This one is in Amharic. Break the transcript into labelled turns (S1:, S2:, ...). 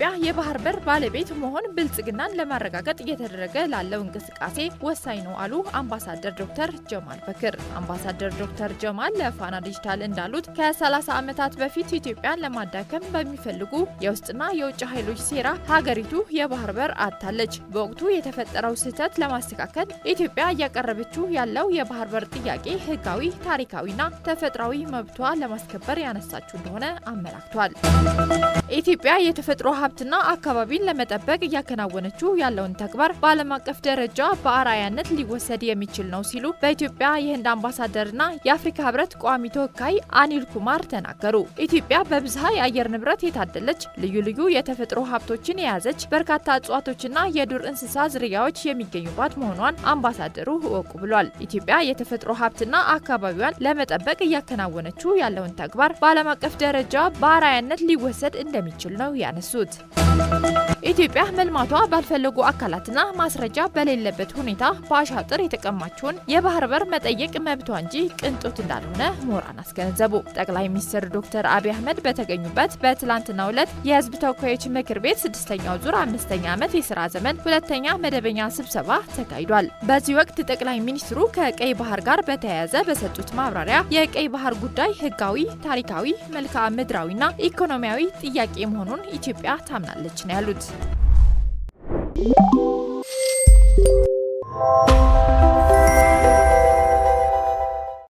S1: የኢትዮጵያ የባህር በር ባለቤት መሆን ብልጽግናን ለማረጋገጥ እየተደረገ ላለው እንቅስቃሴ ወሳኝ ነው አሉ አምባሳደር ዶክተር ጀማል በክር። አምባሳደር ዶክተር ጀማል ለፋና ዲጂታል እንዳሉት ከ30 ዓመታት በፊት ኢትዮጵያን ለማዳከም በሚፈልጉ የውስጥና የውጭ ኃይሎች ሴራ ሀገሪቱ የባህር በር አጥታለች። በወቅቱ የተፈጠረው ስህተት ለማስተካከል ኢትዮጵያ እያቀረበችው ያለው የባህር በር ጥያቄ ሕጋዊ፣ ታሪካዊና ተፈጥሯዊ መብቷ ለማስከበር ያነሳችው እንደሆነ አመላክቷል። ኢትዮጵያ የተፈጥሮ ሀብትና አካባቢን ለመጠበቅ እያከናወነችው ያለውን ተግባር በዓለም አቀፍ ደረጃ በአርአያነት ሊወሰድ የሚችል ነው ሲሉ በኢትዮጵያ የህንድ አምባሳደርና የአፍሪካ ህብረት ቋሚ ተወካይ አኒል ኩማር ተናገሩ። ኢትዮጵያ በብዝሃ የአየር ንብረት የታደለች፣ ልዩ ልዩ የተፈጥሮ ሀብቶችን የያዘች፣ በርካታ እጽዋቶችና የዱር እንስሳ ዝርያዎች የሚገኙባት መሆኗን አምባሳደሩ እወቁ ብሏል። ኢትዮጵያ የተፈጥሮ ሀብትና አካባቢዋን ለመጠበቅ እያከናወነችው ያለውን ተግባር በዓለም አቀፍ ደረጃ በአርአያነት ሊወሰድ እንደሚችል ነው ያነሱት። ኢትዮጵያ መልማቷ ባልፈለጉ አካላትና ማስረጃ በሌለበት ሁኔታ በአሻጥር የተቀማችውን የባህር በር መጠየቅ መብቷ እንጂ ቅንጦት እንዳልሆነ ምሁራን አስገነዘቡ። ጠቅላይ ሚኒስትር ዶክተር አብይ አህመድ በተገኙበት በትላንትናው ዕለት የህዝብ ተወካዮች ምክር ቤት ስድስተኛው ዙር አምስተኛ ዓመት የስራ ዘመን ሁለተኛ መደበኛ ስብሰባ ተካሂዷል። በዚህ ወቅት ጠቅላይ ሚኒስትሩ ከቀይ ባህር ጋር በተያያዘ በሰጡት ማብራሪያ የቀይ ባህር ጉዳይ ሕጋዊ፣ ታሪካዊ፣ መልክዓ ምድራዊና ኢኮኖሚያዊ ጥያቄ መሆኑን ኢትዮጵያ ታምናለች ነው ያሉት።